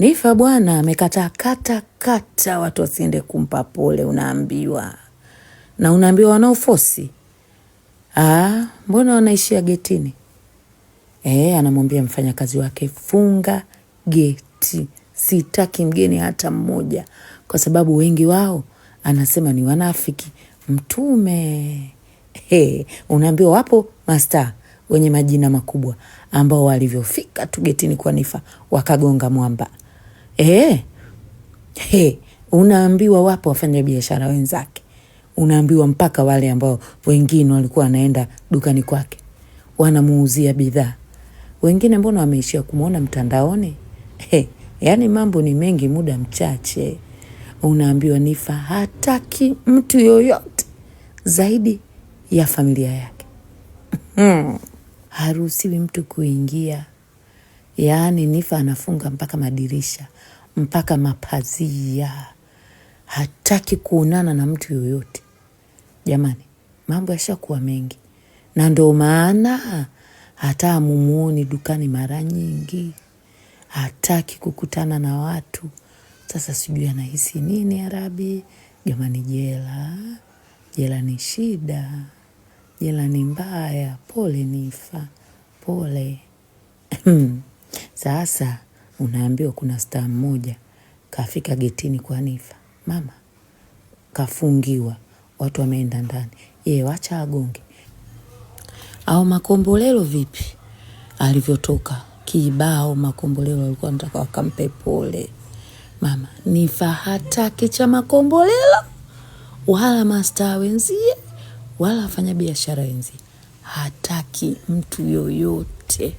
Nifa bwana amekataa kata kata, watu wasiende kumpa pole, unaambiwa na unaambiwa wanaofosi. Ah, mbona wanaishia getini? E, anamwambia mfanyakazi wake, funga geti, sitaki mgeni hata mmoja, kwa sababu wengi wao anasema ni wanafiki. Mtume hey, unaambiwa wapo masta wenye majina makubwa ambao walivyofika tu getini kwa Nifa wakagonga mwamba. Eh, he, unaambiwa wapo wafanya biashara wenzake, unaambiwa mpaka wale ambao wengine walikuwa wanaenda dukani kwake wanamuuzia bidhaa, wengine mbona wameishia kumwona mtandaoni? He, yani mambo ni mengi, muda mchache unaambiwa Nifa hataki mtu yoyote zaidi ya familia yake. Hmm. Haruhusiwi mtu kuingia, yaani Nifa anafunga mpaka madirisha mpaka mapazia, hataki kuonana na mtu yoyote. Jamani, mambo yashakuwa mengi, na ndo maana hata amumuoni dukani mara nyingi, hataki kukutana na watu. Sasa sijui anahisi nini Arabi. Jamani, jela jela ni shida, jela ni mbaya. Pole Nifa, pole. Sasa unaambiwa kuna staa mmoja kafika getini kwa Nifa, mama kafungiwa, watu wameenda ndani, ye wacha agonge au makombolelo vipi alivyotoka kibao makombolelo, alikuwa anataka wakampe pole mama. Nifa hataki cha makombolelo wala mastaa wenzie wala wafanya biashara wenzie, hataki mtu yoyote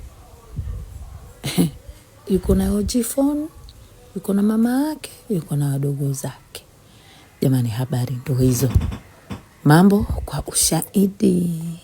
yuko na Oji yuko na mama yake, yuko na wadogo zake. Jamani, habari ndo hizo, mambo kwa ushahidi.